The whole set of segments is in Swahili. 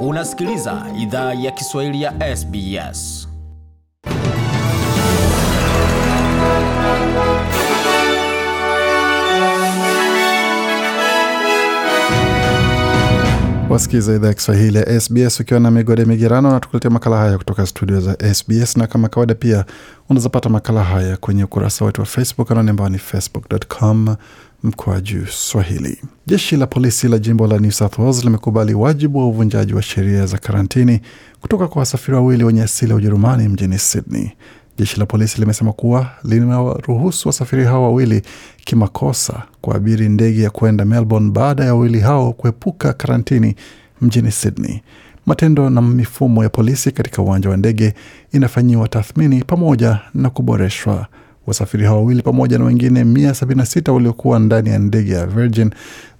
Unasikiliza idhaa ya Kiswahili ya SBS. Wasikiliza idhaa ya Kiswahili ya SBS ukiwa na migode migerano, na tukuletea makala haya kutoka studio za SBS, na kama kawaida pia unazapata makala haya kwenye ukurasa wetu wa Facebook anaoni ambao ni facebook.com juu Swahili. Jeshi la polisi la jimbo la New South Wales limekubali wajibu wa uvunjaji wa sheria za karantini kutoka kwa wasafiri wawili wenye asili ya Ujerumani mjini Sydney. Jeshi la polisi limesema kuwa limewaruhusu wasafiri hao wawili kimakosa kuabiri ndege ya kuenda Melbourne baada ya wawili hao kuepuka karantini mjini Sydney. Matendo na mifumo ya polisi katika uwanja wa ndege inafanyiwa tathmini pamoja na kuboreshwa. Wasafiri hao wawili pamoja na wengine 176 waliokuwa ndani ya ndege ya Virgin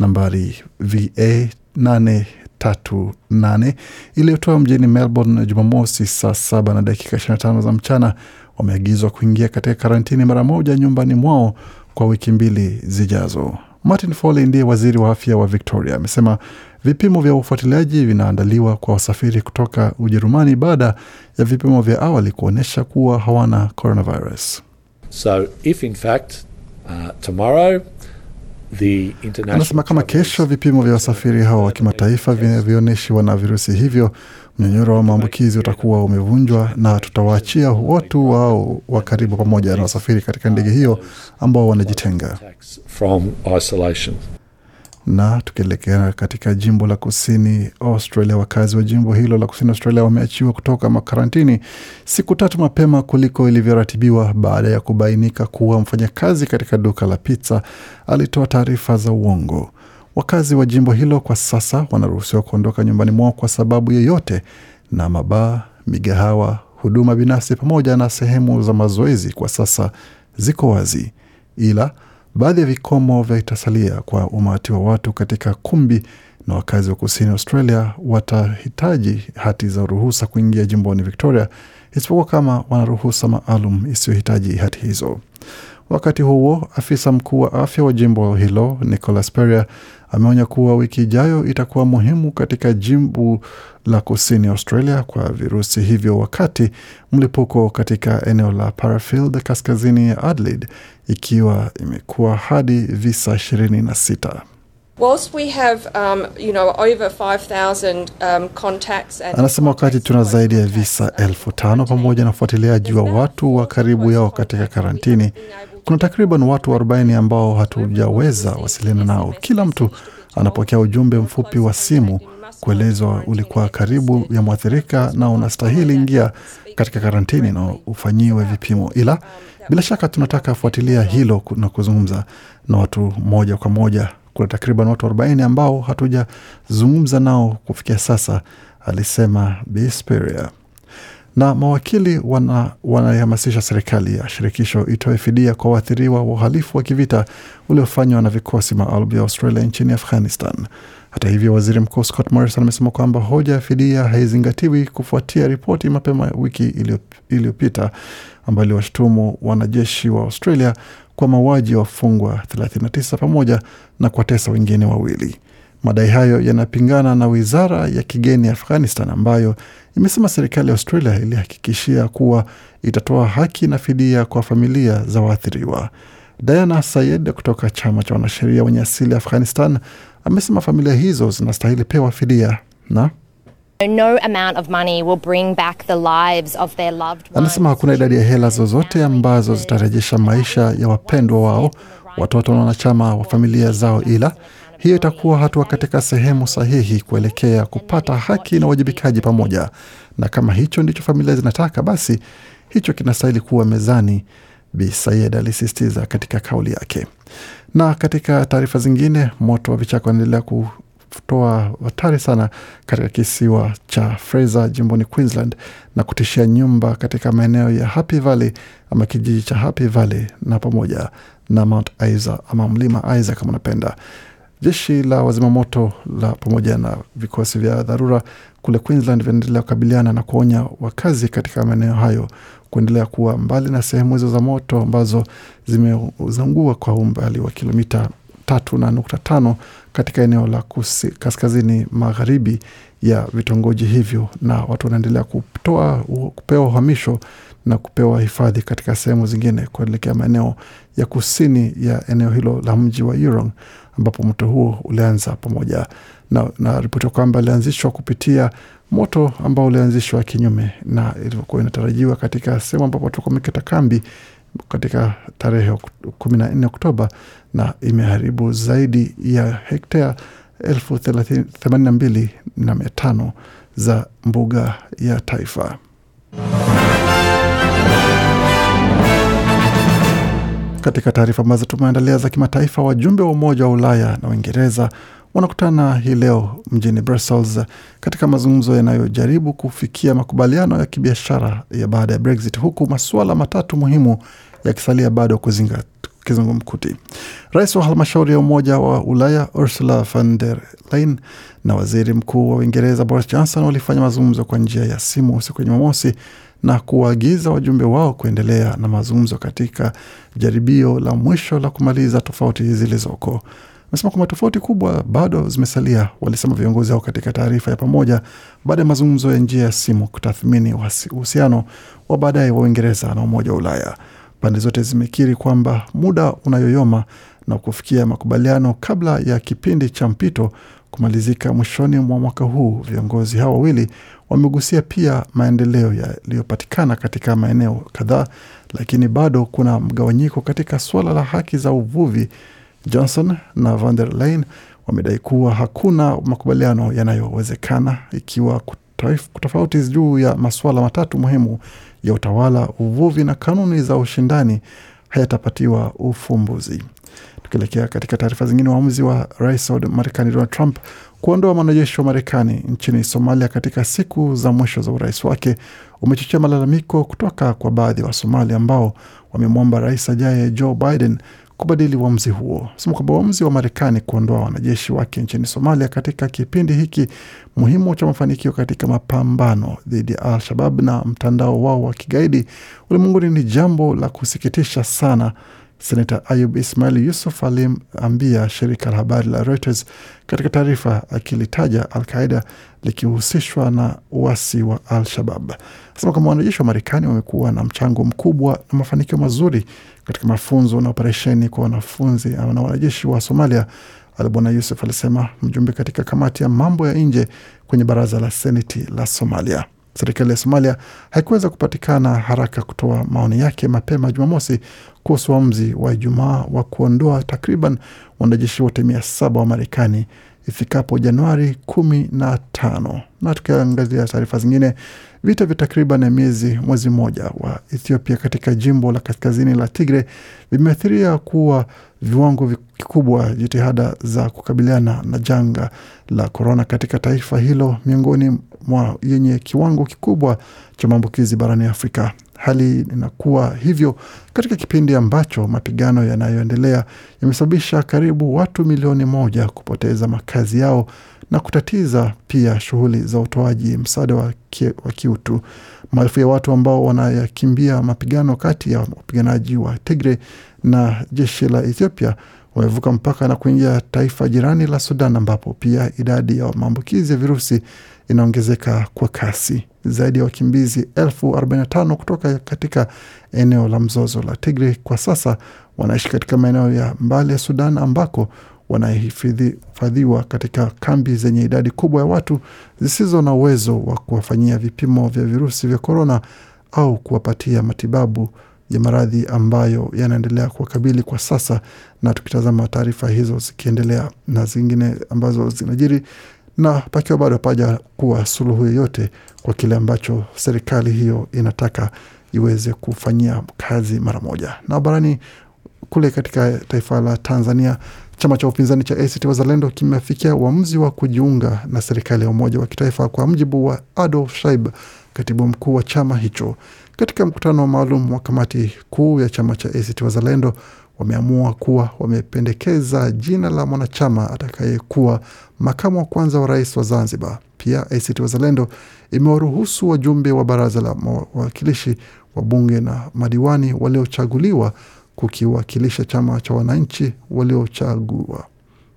nambari VA 838 iliyotoa mjini Melbourne Jumamosi saa saba na dakika 25 za mchana wameagizwa kuingia katika karantini mara moja nyumbani mwao kwa wiki mbili zijazo. Martin Foley ndiye waziri wa afya wa Victoria amesema vipimo vya ufuatiliaji vinaandaliwa kwa wasafiri kutoka Ujerumani baada ya vipimo vya awali kuonyesha kuwa hawana coronavirus. So if in fact uh, tomorrow Anasema kama kesho vipimo vya wasafiri hao wa kimataifa vinavyoonyeshiwa na virusi hivyo, mnyonyoro wa maambukizi utakuwa umevunjwa na tutawaachia watu wao wa karibu pamoja na wasafiri katika ndege hiyo ambao wanajitenga na tukielekea katika jimbo la kusini Australia, wakazi wa jimbo hilo la kusini Australia wameachiwa kutoka makarantini siku tatu mapema kuliko ilivyoratibiwa baada ya kubainika kuwa mfanyakazi katika duka la pizza alitoa taarifa za uongo. Wakazi wa jimbo hilo kwa sasa wanaruhusiwa kuondoka nyumbani mwao kwa sababu yoyote, na mabaa, migahawa, huduma binafsi pamoja na sehemu za mazoezi kwa sasa ziko wazi ila Baadhi ya vikomo vitasalia kwa umati wa watu katika kumbi na wakazi wa kusini Australia watahitaji hati za ruhusa kuingia jimboni Victoria, isipokuwa kama wana ruhusa maalum isiyohitaji hati hizo. Wakati huo, afisa mkuu wa afya wa jimbo hilo nicolas Peria ameonya kuwa wiki ijayo itakuwa muhimu katika jimbo la kusini Australia kwa virusi hivyo, wakati mlipuko katika eneo la Parafield kaskazini ya Adelaide ikiwa imekuwa hadi visa 26. Um, um, Anasema wakati tuna zaidi ya visa elfu tano pamoja na ufuatiliaji wa watu wa karibu yao katika karantini, kuna takriban watu 40 ambao hatujaweza wasiliana nao. Kila mtu anapokea ujumbe mfupi wa simu kuelezwa ulikuwa karibu ya mwathirika na unastahili ingia katika karantini na ufanyiwe vipimo. Ila bila shaka tunataka fuatilia hilo na kuzungumza na watu moja kwa moja. Kuna takriban watu 40 ambao hatujazungumza nao kufikia sasa, alisema Bisperia na mawakili wanaihamasisha serikali ya shirikisho itoe fidia kwa waathiriwa wa uhalifu wa kivita uliofanywa na vikosi maalum vya Australia nchini Afghanistan. Hata hivyo, waziri mkuu Scott Morrison amesema kwamba hoja ya fidia haizingatiwi kufuatia ripoti mapema wiki iliyopita ambayo iliwashutumu wanajeshi wa Australia kwa mauaji wafungwa 39 pamoja na kuwatesa wengine wawili. Madai hayo yanapingana na wizara ya kigeni ya Afghanistan ambayo imesema serikali ya Australia ilihakikishia kuwa itatoa haki na fidia kwa familia za waathiriwa. Diana Sayed kutoka chama cha wanasheria wenye asili ya Afghanistan amesema familia hizo zinastahili pewa fidia na No amount of money will bring back the lives of their loved ones. Anasema hakuna idadi ya hela zozote ambazo zitarejesha maisha ya wapendwa wao, watoto na wanachama wa familia zao, ila hiyo itakuwa hatua katika sehemu sahihi kuelekea kupata haki na uwajibikaji pamoja, na kama hicho ndicho familia zinataka, basi hicho kinastahili kuwa mezani, Bi Sayed alisisitiza katika kauli yake. Na katika taarifa zingine, moto wa vichaka unaendelea ku toa hatari sana katika kisiwa cha Fraser jimboni Queensland na kutishia nyumba katika maeneo ya Happy Valley ama kijiji cha Happy Valley na pamoja na Mount Isa ama mlima Isa kama unapenda. Jeshi la wazimamoto la pamoja na vikosi vya dharura kule Queensland vinaendelea kukabiliana na kuonya wakazi katika maeneo hayo kuendelea kuwa mbali na sehemu hizo za moto ambazo zimezungua kwa umbali wa kilomita tatu na nukta tano katika eneo la kusi, kaskazini magharibi ya vitongoji hivyo, na watu wanaendelea kutoa kupewa uhamisho na kupewa hifadhi katika sehemu zingine kuelekea maeneo ya kusini ya eneo hilo la mji wa Yurong ambapo moto huo ulianza pamoja na, na ripoti kwamba ilianzishwa kupitia moto ambao ulianzishwa kinyume na ilivyokuwa inatarajiwa katika sehemu ambapo watu wamekita kambi katika tarehe 14 Oktoba na imeharibu zaidi ya hekta elfu themanini na mbili na mia tano za mbuga ya taifa. Katika taarifa ambazo tumeandalia za kimataifa, wajumbe wa Umoja wa Ulaya na Uingereza wanakutana hii leo mjini Brussels katika mazungumzo yanayojaribu kufikia makubaliano ya kibiashara ya baada ya Brexit, huku masuala matatu muhimu yakisalia bado kuzingatia kizungumkuti. Rais wa halmashauri ya umoja wa Ulaya Ursula von der Leyen na waziri mkuu wa Uingereza Boris Johnson walifanya mazungumzo kwa njia ya simu siku ya Jumamosi, na kuwaagiza wajumbe wao kuendelea na mazungumzo katika jaribio la mwisho la kumaliza tofauti zilizoko. Amesema kwamba tofauti kubwa bado zimesalia, walisema viongozi hao katika taarifa ya pamoja baada ya mazungumzo ya njia ya simu kutathmini uhusiano wa baadaye wa Uingereza na Umoja wa Ulaya. Pande zote zimekiri kwamba muda unayoyoma na kufikia makubaliano kabla ya kipindi cha mpito kumalizika mwishoni mwa mwaka huu. Viongozi hao wawili Wamegusia pia maendeleo yaliyopatikana katika maeneo kadhaa, lakini bado kuna mgawanyiko katika suala la haki za uvuvi. Johnson na van der Leyen wamedai kuwa hakuna makubaliano yanayowezekana ikiwa tofauti juu ya masuala matatu muhimu ya utawala, uvuvi na kanuni za ushindani hayatapatiwa ufumbuzi. Tukielekea katika taarifa zingine, uamuzi wa rais wa Marekani Donald Trump Kuondoa wanajeshi wa Marekani nchini Somalia katika siku za mwisho za urais wake umechochea malalamiko kutoka kwa baadhi ya wa Wasomali ambao wamemwomba rais ajaye Joe Biden kubadili uamuzi huo. Sema kwamba uamuzi wa Marekani kuondoa wanajeshi wake nchini Somalia katika kipindi hiki muhimu cha mafanikio katika mapambano dhidi ya Al-Shabab na mtandao wao wa kigaidi ulimwenguni ni jambo la kusikitisha sana Senata Ayub Ismail Yusuf aliambia shirika la habari la Reuters katika taarifa, akilitaja Al Qaida likihusishwa na uasi wa Al Shabab. Asema kwamba wanajeshi wa Marekani wamekuwa na mchango mkubwa na mafanikio mazuri katika mafunzo na operesheni kwa wanafunzi na wanajeshi wa Somalia. albwana Yusuf alisema mjumbe katika kamati ya mambo ya nje kwenye baraza la seneti la Somalia. Serikali ya Somalia haikuweza kupatikana haraka kutoa maoni yake mapema Jumamosi kuhusu uamuzi wa Ijumaa wa kuondoa takriban wanajeshi wote mia saba wa Marekani ifikapo Januari kumi na tano. Na tukiangazia taarifa zingine, Vita vya takriban miezi mwezi mmoja wa Ethiopia katika jimbo la kaskazini la Tigre vimeathiria kuwa viwango vikubwa jitihada za kukabiliana na janga la korona katika taifa hilo miongoni mwa yenye kiwango kikubwa cha maambukizi barani Afrika. Hali inakuwa hivyo katika kipindi ambacho mapigano yanayoendelea yamesababisha karibu watu milioni moja kupoteza makazi yao na kutatiza pia shughuli za utoaji msaada wa, wa kiutu. Maelfu ya watu ambao wanayakimbia mapigano kati ya wapiganaji wa Tigre na jeshi la Ethiopia wamevuka mpaka na kuingia taifa jirani la Sudan, ambapo pia idadi ya maambukizi ya virusi inaongezeka kwa kasi. Zaidi ya wakimbizi elfu 45 kutoka katika eneo la mzozo la Tigre kwa sasa wanaishi katika maeneo ya mbali ya Sudan ambako wanahifadhiwa katika kambi zenye idadi kubwa ya watu zisizo na uwezo wa kuwafanyia vipimo vya virusi vya korona au kuwapatia matibabu ya maradhi ambayo yanaendelea kuwakabili kwa sasa. Na tukitazama taarifa hizo zikiendelea na zingine ambazo zinajiri, na pakiwa bado paja kuwa suluhu yoyote kwa kile ambacho serikali hiyo inataka iweze kufanyia kazi mara moja. Na barani kule katika taifa la Tanzania Chama cha upinzani cha ACT Wazalendo kimefikia uamuzi wa kujiunga na serikali ya umoja wa kitaifa, kwa mjibu wa Adolf Shaib, katibu mkuu wa chama hicho. Katika mkutano maalum wa kamati kuu ya chama cha ACT Wazalendo, wameamua kuwa wamependekeza jina la mwanachama atakayekuwa makamu wa kwanza wa rais wa Zanzibar. Pia ACT Wazalendo imewaruhusu wajumbe wa baraza la wawakilishi, bunge na madiwani waliochaguliwa kukiwakilisha chama cha wananchi waliochagua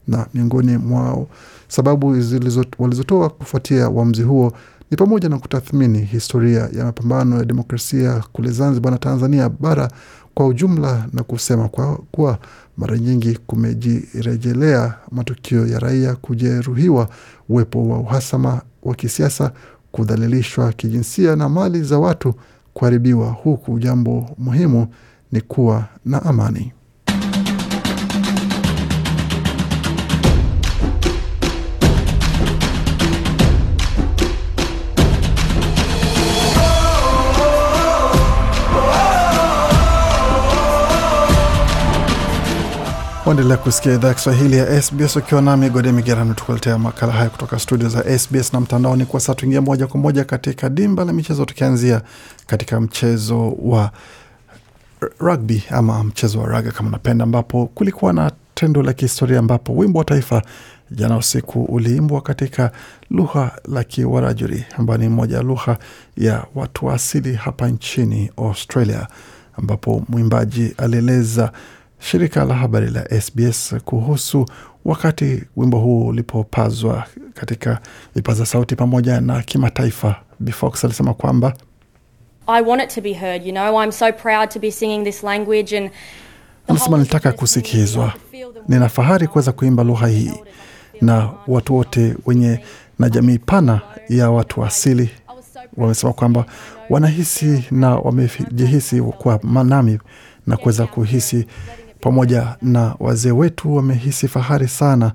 na miongoni mwao sababu walizotoa kufuatia uamzi huo ni pamoja na kutathmini historia ya mapambano ya demokrasia kule Zanzibar na Tanzania bara kwa ujumla na kusema kwa kuwa mara nyingi kumejirejelea matukio ya raia kujeruhiwa, uwepo wa uhasama wa kisiasa, kudhalilishwa kijinsia na mali za watu kuharibiwa, huku jambo muhimu ni kuwa na amani. Waendelea kusikia idhaa ya Kiswahili ya SBS ukiwa nami Gode Migerano, tukuletea makala haya kutoka studio za SBS na mtandaoni. Kwa sasa tuingia moja kwa moja katika dimba la michezo, tukianzia katika mchezo wa rugby ama mchezo wa raga kama unapenda, ambapo kulikuwa na tendo la kihistoria ambapo wimbo wa taifa jana usiku uliimbwa katika lugha la Kiwarajuri ambayo ni moja ya lugha ya watu wa asili hapa nchini Australia, ambapo mwimbaji alieleza shirika la habari la SBS kuhusu wakati wimbo huu ulipopazwa katika vipaza sauti pamoja na kimataifa. Bifox alisema kwamba I want it to be heard, you know. I'm so proud to be singing this language and Anasema nitaka kusikizwa. Nina fahari kuweza kuimba lugha hii na watu wote wenye na jamii pana ya watu asili wamesema kwamba wanahisi na wamejihisi kwa manami na kuweza kuhisi pamoja na wazee wetu, wamehisi fahari sana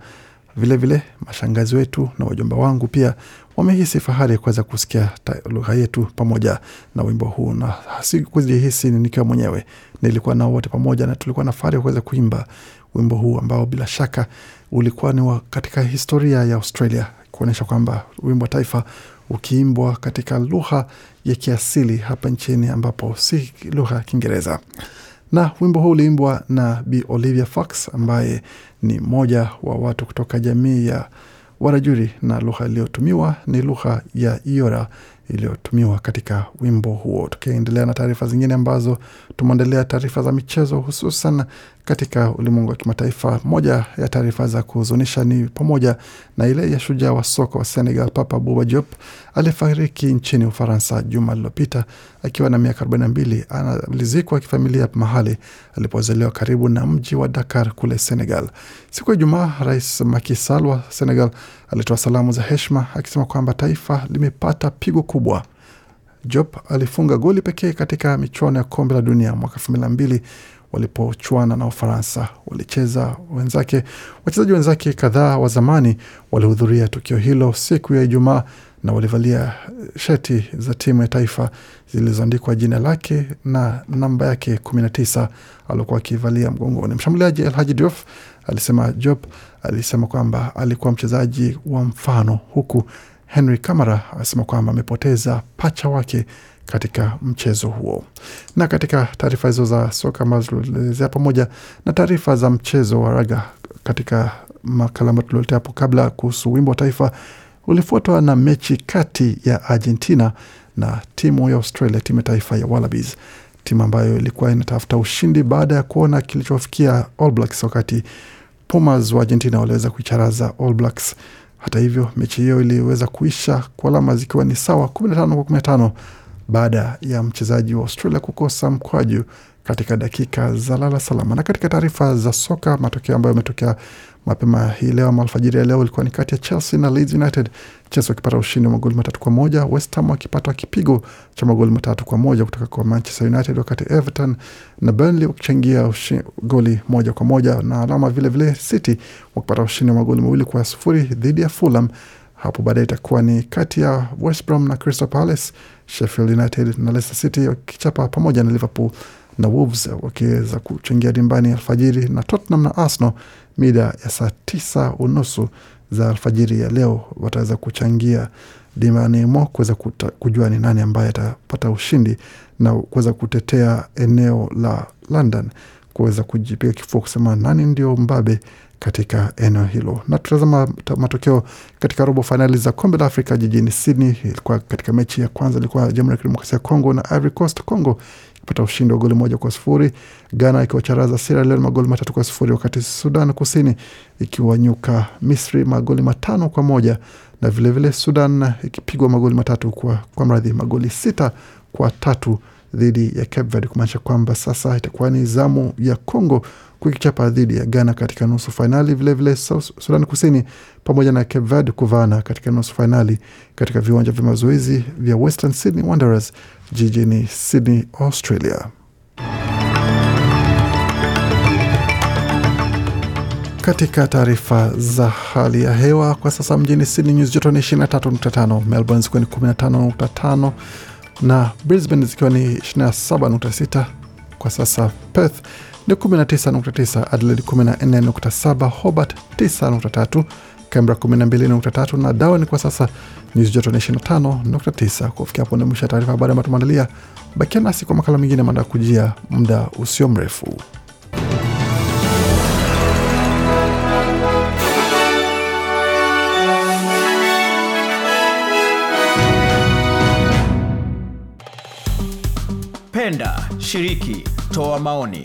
Vilevile vile, mashangazi wetu na wajomba wangu pia wamehisi fahari kuweza kusikia lugha yetu pamoja na wimbo huu, na sikujihisi nikiwa mwenyewe, nilikuwa nao wote pamoja na tulikuwa na fahari kuweza kuimba wimbo huu ambao bila shaka ulikuwa ni katika historia ya Australia, kuonyesha kwamba wimbo wa taifa ukiimbwa katika lugha ya kiasili hapa nchini ambapo si lugha ya Kiingereza na wimbo huu uliimbwa na Bi Olivia Fox ambaye ni mmoja wa watu kutoka jamii ya Warajuri na lugha iliyotumiwa ni lugha ya Iora iliyotumiwa katika wimbo huo. Tukiendelea na taarifa zingine ambazo tumeondelea taarifa za michezo, hususan katika ulimwengu wa kimataifa. Moja ya taarifa za kuhuzunisha ni pamoja na ile ya shujaa wa soka wa Senegal Papa Bouba Diop aliyefariki nchini Ufaransa juma lililopita akiwa na miaka 42. Alizikwa kifamilia mahali alipozaliwa karibu na mji wa Dakar kule Senegal. Siku ya Jumaa, Rais Macky Sall wa Senegal alitoa salamu za heshima akisema kwamba taifa limepata pigo kubwa. Jop alifunga goli pekee katika michuano ya kombe la dunia mwaka elfu mbili na mbili walipochuana na Ufaransa. Walicheza wenzake, wachezaji wenzake kadhaa wa zamani walihudhuria tukio hilo siku ya Ijumaa na walivalia shati za timu ya taifa zilizoandikwa jina lake na namba yake kumi na tisa aliokuwa akivalia mgongoni. Mshambuliaji Elhaji Diouf alisema Job alisema kwamba alikuwa mchezaji wa mfano huku Henry Kamara amesema kwamba amepoteza pacha wake katika mchezo huo. Na katika taarifa hizo za soka ambazo tulielezea pamoja na taarifa za mchezo wa raga katika makala ambayo tulioletea hapo kabla kuhusu wimbo wa taifa, ulifuatwa na mechi kati ya Argentina na timu ya Australia, timu ya taifa ya Wallabies, timu ambayo ilikuwa inatafuta ushindi baada ya kuona kilichofikia All Blacks, wakati Pumas wa Argentina waliweza kuicharaza All Blacks hata hivyo mechi hiyo iliweza kuisha kwa alama zikiwa ni sawa 15 kwa 15 baada ya mchezaji wa Australia kukosa mkwaju katika dakika za lala salama. Na katika taarifa za soka, matokeo ambayo yametokea mapema hii leo ama alfajiri ya leo ilikuwa ni kati ya Chelsea na Leeds United, Chelsea wakipata ushindi wa magoli matatu kwa moja, West Ham wakipata kipigo cha magoli matatu kwa moja kutoka kwa Manchester United, wakati Everton na Burnley wakichangia goli moja kwa moja na alama vilevile vile City wakipata ushindi wa magoli mawili kwa sufuri dhidi ya Fulham. Hapo baadaye itakuwa ni kati ya West Brom na Crystal Palace, Sheffield United na Leicester City wakichapa pamoja na Liverpool na Wolves wakiweza kuchangia dimbani alfajiri na Tottenham na Arsenal mida ya saa tisa unusu za alfajiri ya leo wataweza kuchangia dimbani mwa kuweza kujua ni nani ambaye atapata ushindi na kuweza kutetea eneo la London kuweza kujipiga kifua kusema nani ndio mbabe katika eneo hilo. Na tutazama matokeo katika robo fainali za kombe la Afrika jijini Sydney. Ilikuwa katika mechi ya kwanza ilikuwa Jamhuri ya Kidemokrasia ya Kongo na Ivory Coast. Kongo kupata ushindi wa goli moja kwa sifuri, Ghana ikiwacharaza Sierra Leone magoli matatu kwa sifuri, wakati Sudan Kusini ikiwanyuka Misri magoli matano kwa moja na vilevile vile Sudan ikipigwa magoli matatu kwa, kwa mradhi magoli sita kwa tatu dhidi ya Cape Verde, kumaanisha kwamba sasa itakuwa ni zamu ya Congo kukichapa dhidi ya Ghana katika nusu fainali, vilevile Sudan Kusini pamoja na Cape Verde kuvaana katika nusu fainali katika viwanja vya mazoezi vya Western Sydney Wanderers jijini Sydney, Australia. Katika taarifa za hali ya hewa kwa sasa, mjini Sydney nyuzi joto ni 23.5, Melbourne zikiwa ni 15.5 na Brisbane zikiwa ni 27.6 kwa sasa. Perth ni 19.9, Adelaide 14.7, Hobart 9.3, Canberra 12.3 na Darwin kwa sasa ni joto ni 25.9. Kufikia hapo ni mwisho ya taarifa habari ambayo tumeandalia. Bakia nasi kwa makala mengine manda kujia muda usio mrefu. Penda, shiriki, toa maoni